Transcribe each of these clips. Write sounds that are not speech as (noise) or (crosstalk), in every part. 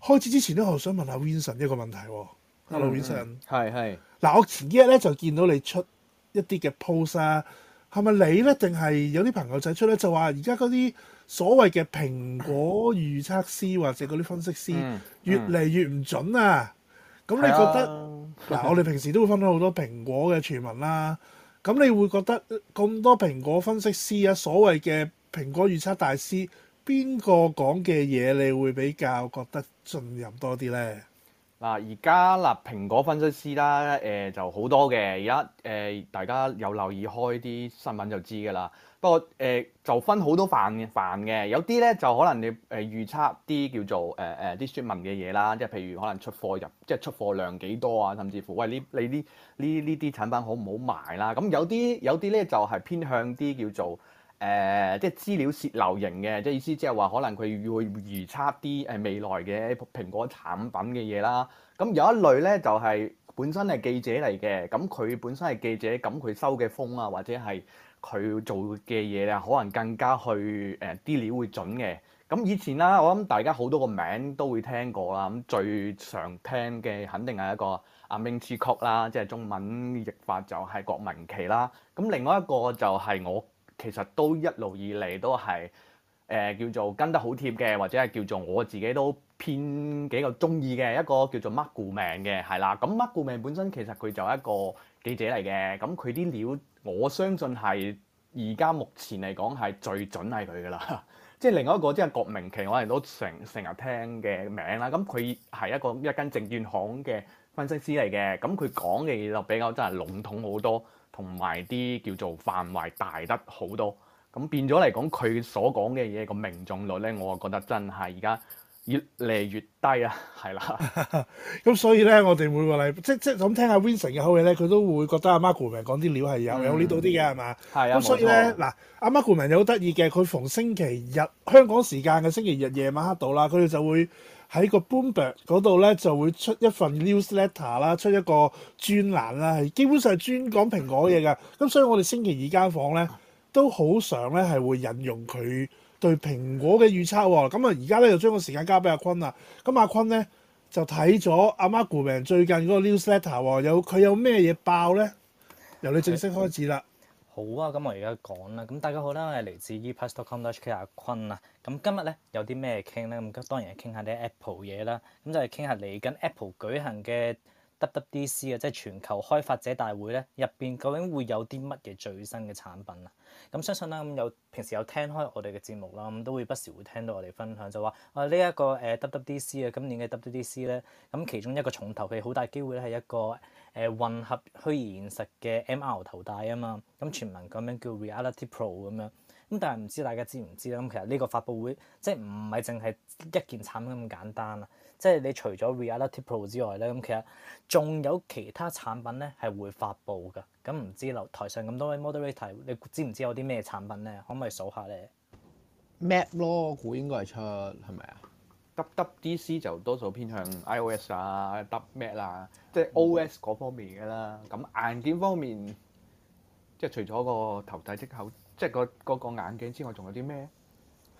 開始之前咧，我想問下 Vincent 一個問題。Hello Vincent 係係。嗱 Vincent，嗯、我前幾日咧就見到你出一啲嘅 post 啊，係咪你咧定係有啲朋友仔出呢？就話，而家嗰啲所謂嘅蘋果預測師或者嗰啲分析師越嚟越唔準啊？咁、嗯嗯、你覺得嗱？我哋平時都會分享好多蘋果嘅傳聞啦。咁你會覺得咁多蘋果分析師啊，所謂嘅蘋果預測大師，邊個講嘅嘢你會比較覺得信任多啲咧？嗱，而家嗱蘋果分析師啦，誒、呃、就好多嘅，而家誒大家有留意開啲新聞就知㗎啦。不過誒就分好多範範嘅，有啲咧就可能你誒預測啲叫做誒誒啲專文嘅嘢啦，即係譬如可能出貨入即係出貨量幾多啊，many, 甚至乎喂你你啲呢呢啲產品好唔好賣啦？咁有啲有啲咧就係偏向啲叫做誒即係資料洩漏型嘅，即係意思即係話可能佢要預測啲誒未來嘅蘋果產品嘅嘢啦。咁有一類咧就係本身係記者嚟嘅，咁佢本身係記者，咁佢收嘅風啊或者係。佢做嘅嘢咧，可能更加去誒資料會準嘅。咁以前啦，我諗大家好多個名都會聽過啦。咁最常聽嘅肯定係一個阿 Ming-Chi Kuo 啦，即係中文譯法就係郭明錤啦。咁另外一個就係我其實都一路以嚟都係誒叫做跟得好貼嘅，或者係叫做我自己都偏幾個中意嘅一個叫做 Mark Gurman 嘅，係啦。咁 Mark Gurman 本身其實佢就一個。記者嚟嘅，咁佢啲料我相信係而家目前嚟講係最準係佢㗎喇。即 (laughs) 係另一個即係郭明錤，我哋都成成日聽嘅名啦。咁佢係一個一間證券行嘅分析師嚟嘅。咁佢講嘅嘢就比較真係籠統好多，同埋啲叫做範圍大得好多。咁變咗嚟講，佢所講嘅嘢個命中率呢，我覺得真係而家越嚟越低啊，係啦，咁 (laughs) 所以咧，我哋每個禮拜，即即係咁聽阿 Vincent 嘅口氣咧，佢都會覺得阿、啊、Marko 明講啲料係有有 l i 啲嘅係嘛？係、嗯、吧啊，咁所以咧，嗱，阿 Marko 明又好得意嘅，佢逢星期日香港時間嘅星期日夜晚黑到啦，佢哋就會喺個 b l o o m b e r 嗰度咧就會出一份 news letter 啦，出一個專欄啦，係基本上係專講蘋果嘢嘅。咁所以我哋星期二間房咧都好想咧係會引用佢。對蘋果嘅預測喎，咁啊而家咧就將個時間交俾阿坤啊，咁阿坤咧就睇咗阿 Mark Gurman 最近嗰個 newsletter 喎，有佢有咩嘢爆咧？由你正式開始啦。好啊，咁我而家講啦，咁大家好啦，我係嚟自 eplus.com.hk 阿坤啊，咁今日咧有啲咩傾咧？咁當然係傾下啲 Apple 嘢啦，咁就係傾下嚟緊 Apple 舉行嘅。WWDC 啊，DC，即係全球開發者大會咧，入邊究竟會有啲乜嘢最新嘅產品啊？咁、嗯、相信啦，咁、嗯、有平時有聽開我哋嘅節目啦，咁、嗯、都會不時會聽到我哋分享就話啊，呢、這、一個誒 WWDC 啊，呃、DC，今年嘅 WWDC 咧，咁、嗯、其中一個重頭戲，好大機會咧係一個誒、呃、混合虛擬現實嘅 MR 頭戴啊嘛，咁、嗯、傳聞咁樣叫 Reality Pro 咁樣，咁、嗯、但係唔知大家知唔知啦？咁、嗯、其實呢個發佈會即係唔係淨係一件產品咁簡單啊？即係你除咗 Reality Pro 之外咧，咁其實仲有其他產品咧係會發布噶。咁唔知樓台上咁多位 Moderator，你知唔知有啲咩產品咧？可唔可以數下咧？Mac 咯，估、嗯、應該係出，係咪啊？WDC 就多數偏向 iOS 啊，w Mac 啊，即係 OS 嗰方面噶啦。咁硬件方面，即係除咗個頭戴式口，即係個嗰個眼鏡之外，仲有啲咩？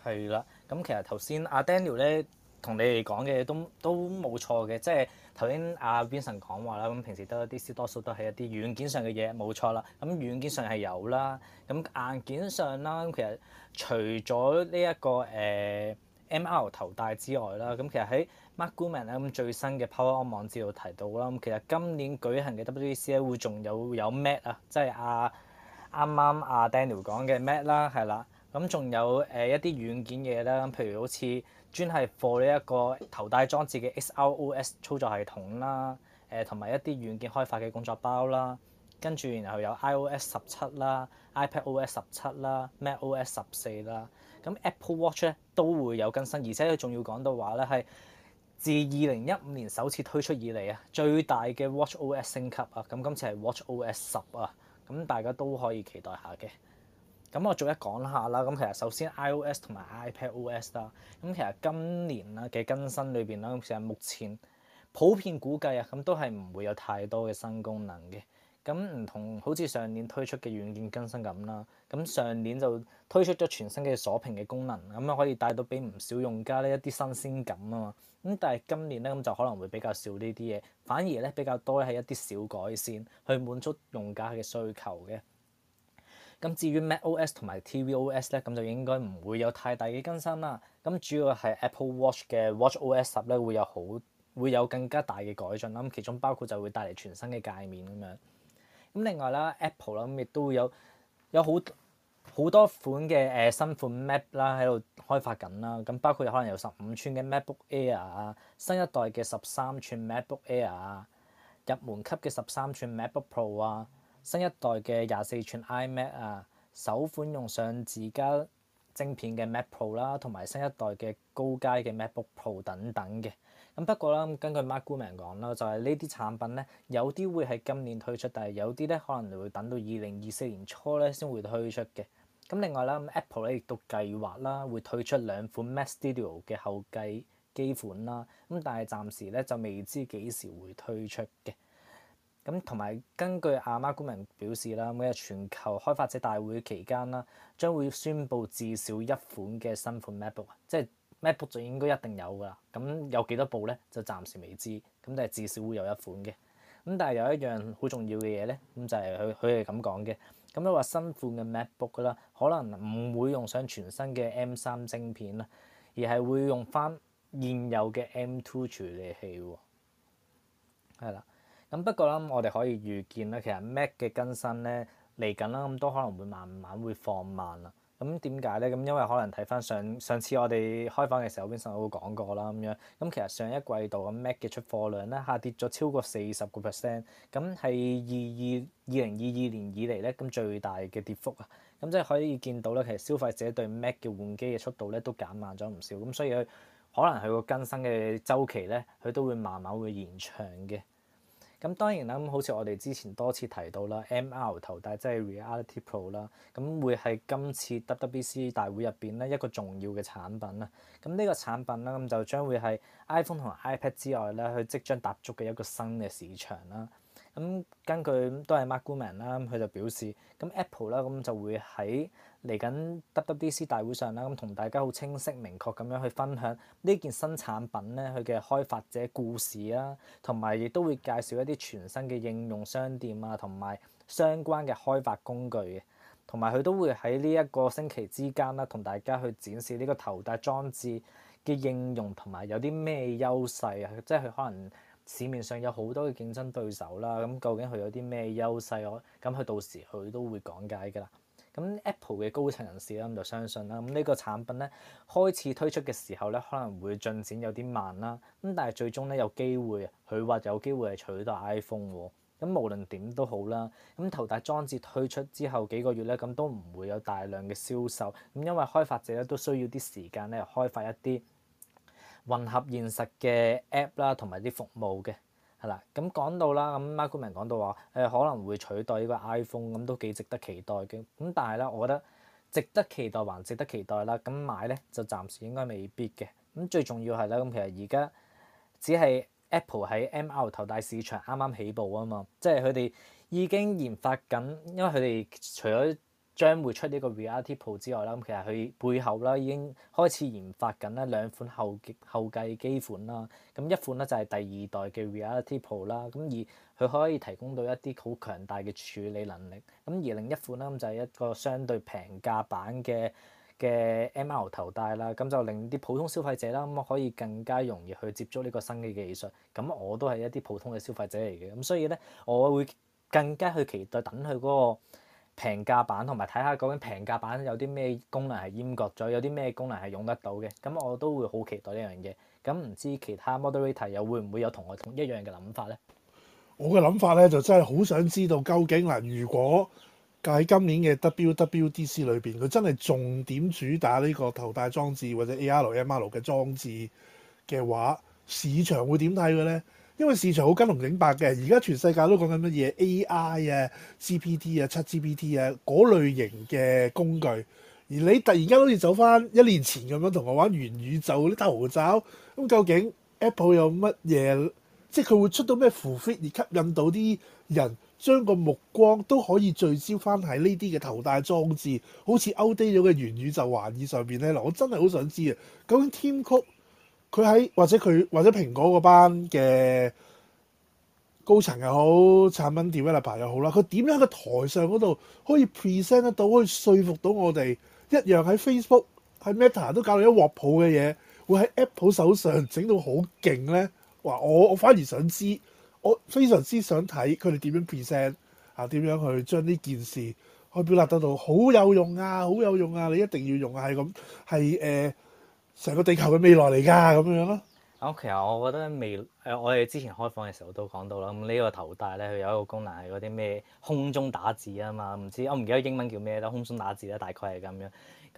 係啦，咁其實頭先阿 Daniel 咧。同你哋講嘅嘢都都冇錯嘅，即係頭先阿 Vincent 講話啦。咁平時得一啲，多數都係一啲軟件上嘅嘢，冇錯啦。咁軟件上係有啦，咁硬件上啦，咁其實除咗呢一個誒、呃、M R 頭戴之外啦，咁其實喺 Mark Gurman 咧咁最新嘅 Power On 網誌度提到啦，咁其實今年舉行嘅 WWDC、啊、會仲有有 Mac 啊，即係阿啱啱阿 Daniel 講嘅 Mac、啊、啦，係啦，咁仲有誒、呃、一啲軟件嘢啦，譬如好似。專係 for 呢一個頭戴裝置嘅 XROS 操作系統啦，誒同埋一啲軟件開發嘅工作包啦，跟住然後有 iOS 十七啦、iPadOS 十七啦、macOS 十四啦，咁 Apple Watch 咧都會有更新，而且佢仲要講到話咧係自二零一五年首次推出以嚟啊，最大嘅 WatchOS 升級啊，咁今次係 WatchOS 十啊，咁大家都可以期待下嘅。咁我逐一講下啦。咁其實首先 iOS 同埋 iPadOS 啦，咁其實今年啦嘅更新裏邊啦，其實目前普遍估計啊，咁都係唔會有太多嘅新功能嘅。咁唔同好似上年推出嘅軟件更新咁啦，咁上年就推出咗全新嘅鎖屏嘅功能，咁可以帶到俾唔少用家咧一啲新鮮感啊嘛。咁但係今年咧咁就可能會比較少呢啲嘢，反而咧比較多咧係一啲小改善，去滿足用家嘅需求嘅。咁至於 MacOS 同埋 TVOS 咧，咁就應該唔會有太大嘅更新啦。咁主要係 Apple Watch 嘅 WatchOS 十咧，會有好會有更加大嘅改進啦。其中包括就會帶嚟全新嘅界面咁樣。咁另外啦，Apple 啦咁亦都會有有好好多款嘅誒新款 Mac 啦喺度開發緊啦。咁包括可能有十五寸嘅 MacBook Air 啊，新一代嘅十三寸 MacBook Air 啊，入門級嘅十三寸 MacBook Pro 啊。新一代嘅廿四寸 iMac 啊，首款用上自家晶片嘅 Mac Pro 啦、啊，同埋新一代嘅高階嘅 MacBook Pro 等等嘅。咁不過啦，根據 Mark Gurman 講啦，就係呢啲產品咧，有啲會係今年推出，但係有啲咧可能會等到二零二四年初咧先會推出嘅。咁另外啦、啊、，Apple 咧亦都計劃啦會推出兩款 Mac Studio 嘅後繼機款啦，咁但係暫時咧就未知幾時會推出嘅。咁同埋，根據阿馬古人表示啦，咁啊全球開發者大會期間啦，將會宣布至少一款嘅新款 MacBook，即係 MacBook 就應該一定有噶啦。咁有幾多部咧，就暫時未知。咁但係至少會有一款嘅。咁但係有一樣好重要嘅嘢咧，咁就係佢佢係咁講嘅。咁你話新款嘅 MacBook 啦，可能唔會用上全新嘅 M3 晶片啦，而係會用翻現有嘅 M2 處理器喎。係啦。咁不過咧，我哋可以預見咧，其實 Mac 嘅更新咧嚟緊啦，咁都可能會慢慢會放慢啦。咁點解咧？咁因為可能睇翻上上次我哋開房嘅時候，Vincent 都講過啦咁樣。咁其實上一季度 Mac 嘅出貨量咧，下跌咗超過四十個 percent，咁係二二二零二二年以嚟咧咁最大嘅跌幅啊。咁即係可以見到咧，其實消費者對 Mac 嘅換機嘅速度咧都減慢咗唔少。咁所以佢可能佢個更新嘅周期咧，佢都會慢慢會延長嘅。咁當然啦，咁好似我哋之前多次提到啦，MR 頭戴即係 Reality Pro 啦，咁會喺今次 WWDC 大會入邊咧一個重要嘅產品啦。咁、這、呢個產品啦，咁就將會係 iPhone 同 iPad 之外咧，佢即將踏足嘅一個新嘅市場啦。咁根據都係 Mark Gurman 啦，佢就表示，咁 Apple 啦，咁就會喺嚟緊 WWDC 大會上啦，咁同大家好清晰、明確咁樣去分享呢件新產品咧，佢嘅開發者故事啊，同埋亦都會介紹一啲全新嘅應用商店啊，同埋相關嘅開發工具嘅，同埋佢都會喺呢一個星期之間啦，同大家去展示呢個頭戴裝置嘅應用同埋有啲咩優勢啊，即係佢可能。市面上有好多嘅競爭對手啦，咁究竟佢有啲咩優勢？我咁佢到時佢都會講解㗎啦。咁 Apple 嘅高層人士咧，咁就相信啦，咁呢個產品咧，開始推出嘅時候咧，可能會進展有啲慢啦，咁但係最終咧有機會，佢話有機會係取代 iPhone 喎。咁無論點都好啦，咁頭戴裝置推出之後幾個月咧，咁都唔會有大量嘅銷售，咁因為開發者咧都需要啲時間咧開發一啲。混合現實嘅 App 啦，同埋啲服務嘅，係啦。咁講到啦，咁 Mark Gurman 講到話，誒、呃、可能會取代呢個 iPhone，咁都幾值得期待嘅。咁但係咧，我覺得值得期待還值得期待啦。咁買咧就暫時應該未必嘅。咁最重要係咧，咁其實而家只係 Apple 喺 MR 頭大市場啱啱起步啊嘛，即係佢哋已經研發緊，因為佢哋除咗將會出呢個 Reality Pro 之外啦，咁其實佢背後啦已經開始研發緊咧兩款後繼後繼機款啦。咁一款咧就係第二代嘅 Reality Pro 啦，咁而佢可以提供到一啲好強大嘅處理能力。咁而另一款咧咁就係一個相對平價版嘅嘅 ML 頭戴啦。咁就令啲普通消費者啦，咁可以更加容易去接觸呢個新嘅技術。咁我都係一啲普通嘅消費者嚟嘅，咁所以咧我會更加去期待等佢嗰個。平價版同埋睇下究竟平價版有啲咩功能係閹割咗，有啲咩功能係用得到嘅，咁我都會好期待呢樣嘢。咁唔知其他 moderator 又會唔會有同我同一樣嘅諗法咧？我嘅諗法咧就真係好想知道究竟嗱，如果喺今年嘅 WWDC 裏邊，佢真係重點主打呢個頭戴裝置或者 AR MR 嘅裝置嘅話，市場會點睇嘅咧？因為市場好跟龍整百嘅，而家全世界都講緊乜嘢 AI 啊、GPT 啊、七 GPT 啊嗰類型嘅工具，而你突然間好似走翻一年前咁樣同我玩元宇宙嗰啲頭罩，咁、嗯、究竟 Apple 有乜嘢？即係佢會出到咩乎 fit 而吸引到啲人將個目光都可以聚焦翻喺呢啲嘅頭戴裝置，好似 outdated 嘅元宇宙環以上邊咧？嗱，我真係好想知啊！究竟 Tim Cook 佢喺或者佢或者蘋果嗰班嘅高層又好，產品 department 又好啦，佢點樣喺個台上嗰度可以 present 得到，可以說服到我哋一樣喺 Facebook 喺 Meta 都搞到一鑊泡嘅嘢，會喺 Apple 手上整到好勁咧？話我我反而想知，我非常之想睇佢哋點樣 present 啊，點樣去將呢件事去表達得到好有用啊，好有用啊，你一定要用啊，係咁係誒。成個地球嘅未來嚟㗎咁樣咯。啊，其實我覺得未誒、呃，我哋之前開房嘅時候都講到啦。咁、這、呢個頭戴咧，佢有一個功能係嗰啲咩空中打字啊嘛。唔知我唔記得英文叫咩啦，空中打字啦，大概係咁樣。咁、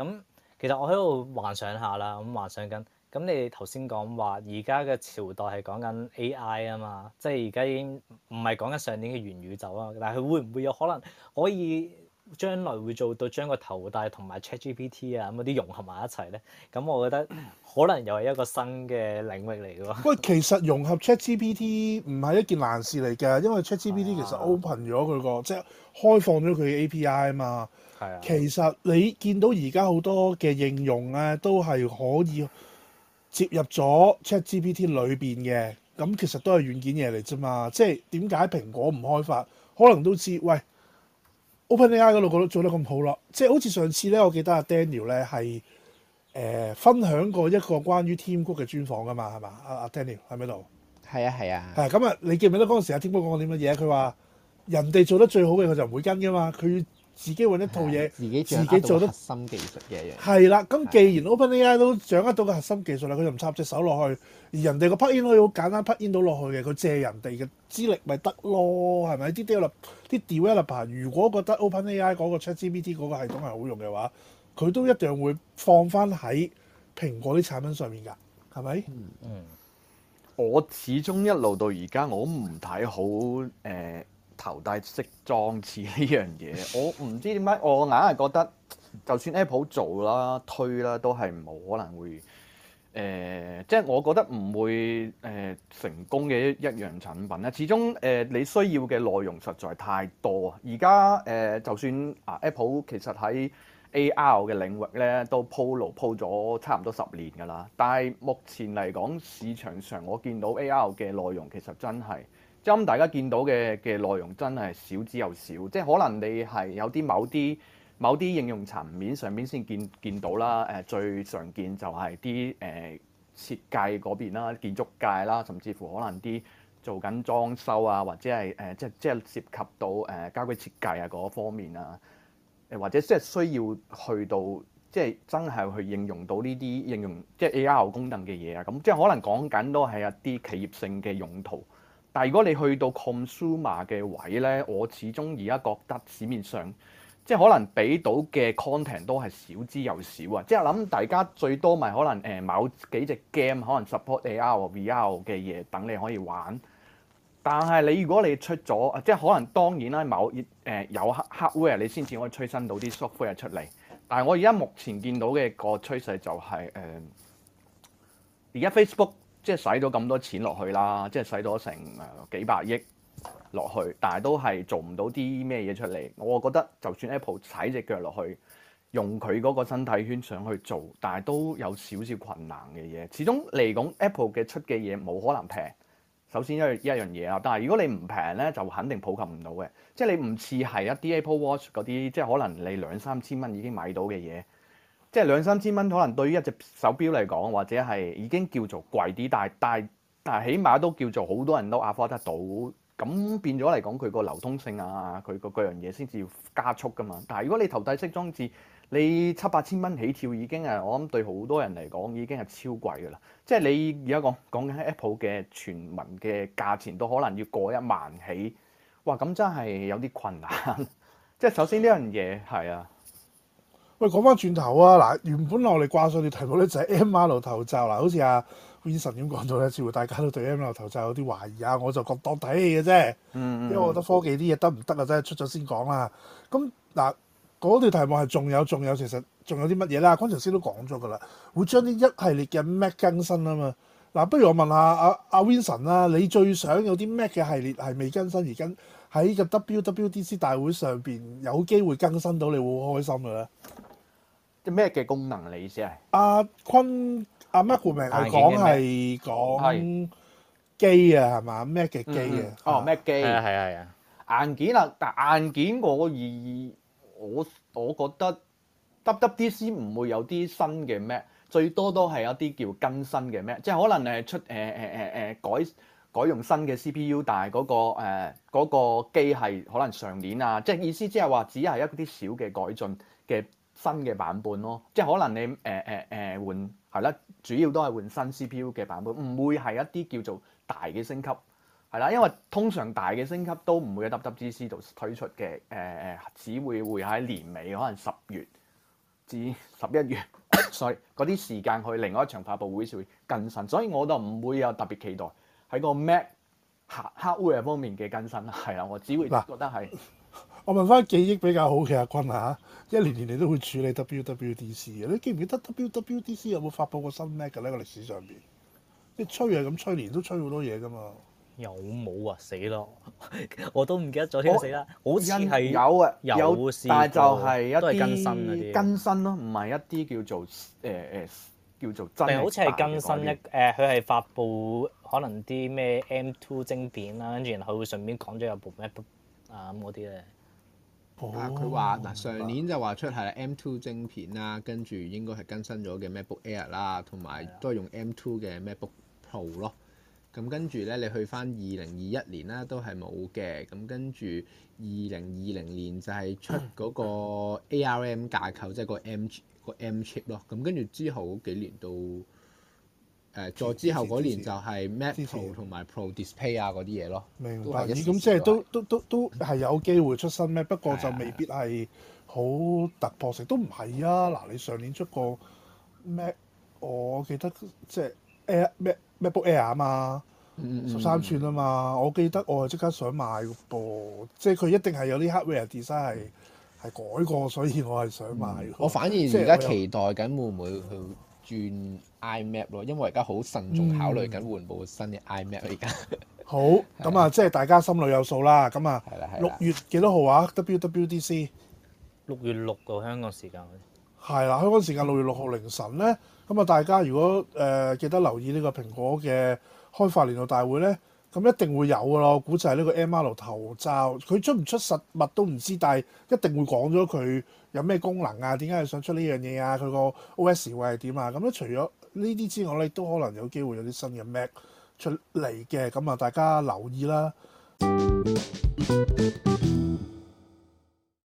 嗯、其實我喺度幻想下啦，咁、嗯、幻想緊。咁、嗯、你哋頭先講話而家嘅朝代係講緊 AI 啊嘛，即係而家已經唔係講緊上年嘅元宇宙啦。但係佢會唔會有可能可以？將來會做到將個頭戴同埋 ChatGPT 啊咁嗰啲融合埋一齊咧，咁我覺得可能又係一個新嘅領域嚟嘅喎。喂，其實融合 ChatGPT 唔係一件難事嚟嘅，因為 ChatGPT 其實 open 咗佢個即係開放咗佢 API 啊嘛。係啊，其實你見到而家好多嘅應用咧，都係可以接入咗 ChatGPT 裏邊嘅，咁其實都係軟件嘢嚟啫嘛。即係點解蘋果唔開發，可能都知喂。OpenAI 嗰度，做得做得咁好咯，即係好似上次咧，我記得阿 Daniel 咧係誒分享過一個關於 Tim Cook 嘅專訪啊嘛，係嘛？阿阿 Daniel 喺咪度？係啊，係啊，係咁啊、嗯！你記唔記得嗰陣時阿 Tim Cook 講過點乜嘢？佢話人哋做得最好嘅佢就唔會跟噶嘛，佢。自己揾一套嘢，自己做得核心技術嘅嘢係啦。咁既然 OpenAI 都掌握到個核心技術啦，佢就唔插隻手落去，而人哋個 plug in 可以好簡單 plug in 到落去嘅，佢借人哋嘅資歷咪得咯，係咪？啲 develop 啲 developer 如果覺得 OpenAI 嗰個 ChatGPT 嗰個系統係好用嘅話，佢都一樣會放翻喺蘋果啲產品上面㗎，係咪？嗯，我始終一路到而家我都唔睇好誒。呃頭戴式裝置呢樣嘢，我唔知點解，我硬係覺得就算 Apple 做啦、推啦，都係冇可能會誒，即、呃、係、就是、我覺得唔會誒、呃、成功嘅一、一樣產品啦。始終誒、呃、你需要嘅內容實在太多啊！而家誒就算啊 Apple 其實喺 AR 嘅領域咧都鋪路鋪咗差唔多十年㗎啦，但係目前嚟講，市場上我見到 AR 嘅內容其實真係～即大家見到嘅嘅內容真係少之又少。即係可能你係有啲某啲某啲應用層面上面先見見到啦。誒，最常見就係啲誒設計嗰邊啦，建築界啦，甚至乎可能啲做緊裝修啊，或者係誒、呃、即係即係涉及到誒家居設計啊嗰方面啊。誒或者即係需要去到即係真係去應用到呢啲應用即係 AR 功能嘅嘢啊。咁即係可能講緊都係一啲企業性嘅用途。但係如果你去到 consumer 嘅位咧，我始終而家覺得市面上即係可能俾到嘅 content 都係少之又少啊！即係諗大家最多咪可能誒、呃、某幾隻 game 可能 support AR 和 VR 嘅嘢等你可以玩。但係你如果你出咗，即係可能當然啦，某誒、呃、有 hardware 你先至可以催生到啲 software 出嚟。但係我而家目前見到嘅個趨勢就係誒而家 Facebook。呃即係使咗咁多錢落去啦，即係使咗成誒幾百億落去，但係都係做唔到啲咩嘢出嚟。我覺得就算 Apple 踩隻腳落去，用佢嗰個生態圈想去做，但係都有少少困難嘅嘢。始終嚟講，Apple 嘅出嘅嘢冇可能平，首先一一樣嘢啊。但係如果你唔平呢，就肯定普及唔到嘅。即係你唔似係一啲 Apple Watch 嗰啲，即係可能你兩三千蚊已經買到嘅嘢。即係兩三千蚊，可能對於一隻手錶嚟講，或者係已經叫做貴啲，但係但係但係起碼都叫做好多人都 afford 得到，咁變咗嚟講，佢個流通性啊，佢嗰嗰樣嘢先至要加速噶嘛。但係如果你頭戴式裝置，你七八千蚊起跳已經係，我諗對好多人嚟講已經係超貴噶啦。即係你而家講講緊 Apple 嘅全民嘅價錢都可能要過一萬起，哇！咁真係有啲困難。即係首先呢樣嘢係啊。喂，講翻轉頭啊！嗱，原本我哋掛上條題目咧就係 MR 頭罩嗱，好似阿、啊、Vincent 咁講到咧，似乎大家都對 MR 頭罩有啲懷疑啊，我就覺當睇戲嘅啫，嗯嗯嗯因為我覺得科技啲嘢得唔得啊，真係出咗先講啦。咁嗱，嗰、那、條、個、題目係仲有仲有，其實仲有啲乜嘢啦？剛才先都講咗噶啦，會將呢一系列嘅 Mac 更新啊嘛。嗱，不如我問下阿阿 Vincent 啦，啊啊、cent，你最想有啲 Mac 嘅系列係未更新，而家喺個 WWDC 大會上邊有機會更新到，你會開心嘅咧？即咩嘅功能？你意思係阿坤阿 Mac 明，係講係講機啊，係嘛？咩嘅機啊，嗯嗯、哦 Mac 機啊，係啊。啊硬件啊，但硬件我意我我覺得 WDC 唔會有啲新嘅 Mac，最多都係一啲叫更新嘅 Mac。即係可能誒出誒誒誒誒改改用新嘅 CPU，但係嗰、嗰個誒嗰、呃嗰個機係可能上年啊，即係意思即係話只係一啲小嘅改進嘅。新嘅版本咯，即係可能你誒誒誒換係啦，主要都係換新 CPU 嘅版本，唔會係一啲叫做大嘅升級係啦，因為通常大嘅升級都唔會喺 WWDC 度推出嘅，誒、呃、誒，只會會喺年尾可能十月至十一月， (coughs) 所以嗰啲時間去另外一場發布會會更新，所以我都唔會有特別期待喺個 Mac Hardware 方面嘅更新啦，係啊，我只會覺得係。啊我問翻記憶比較好嘅阿君啊，一年年你都會處理 WWDC 嘅，你記唔記得 WWDC 有冇發布過新 Mac 嘅呢個歷史上邊？即係吹啊，咁吹年都吹好多嘢㗎嘛。有冇啊？死咯！ (laughs) 我都唔記得咗死啦。好似係有啊，有，有有，但係就係一啲更新咯，唔係一啲叫做誒誒、呃、叫做真。但、嗯、好似係更新一誒，佢係邊、呃、發布可能啲咩 M2 晶片啦，跟住然後佢會順便講咗有部 Mac 啊，咁嗰啲咧。嗯嗱，佢話嗱，上年就話出係 M2 晶片啦，嗯、跟住應該係更新咗嘅 MacBook Air 啦，同埋都係用 M2 嘅 MacBook Pro 咯。咁跟住咧，你去翻二零二一年啦，都係冇嘅。咁跟住二零二零年就係出嗰個 ARM 架構，即係 (coughs) 個 M 個 M chip 咯。咁跟住之後嗰幾年都。誒再之後嗰年就係 Mac Pro 同埋 Pro Display 啊嗰啲嘢咯，明白，咁即係都都都都係有機會出新咩？不過就未必係好突破性，的都唔係啊！嗱，你上年出個 Mac，我記得即係、就是、Air Mac MacBook Air 啊嘛，十三吋啊嘛，嗯、我記得我即刻想買噃，即係佢一定係有啲 hardware design 係係改過，所以我係想買、嗯。我反而而家期待緊會唔會去轉 iMac 咯，因為而家好慎重考慮緊換部新嘅 iMac 而家。好，咁啊 (laughs) 的，即係大家心裏有數啦。咁啊，六月幾多號啊？WWDC。六月六號香港時間。係啦，香港時間六月六號凌晨咧。咁啊，大家如果誒、呃、記得留意呢個蘋果嘅開發年度大會咧，咁一定會有噶咯。我估就係呢個 MR 頭罩，佢出唔出實物都唔知，但係一定會講咗佢有咩功能啊？點解佢想出呢樣嘢啊？佢個 OS 會係點啊？咁咧，除咗呢啲之外咧，都可能有機會有啲新嘅 Mac 出嚟嘅，咁啊，大家留意啦。 (music)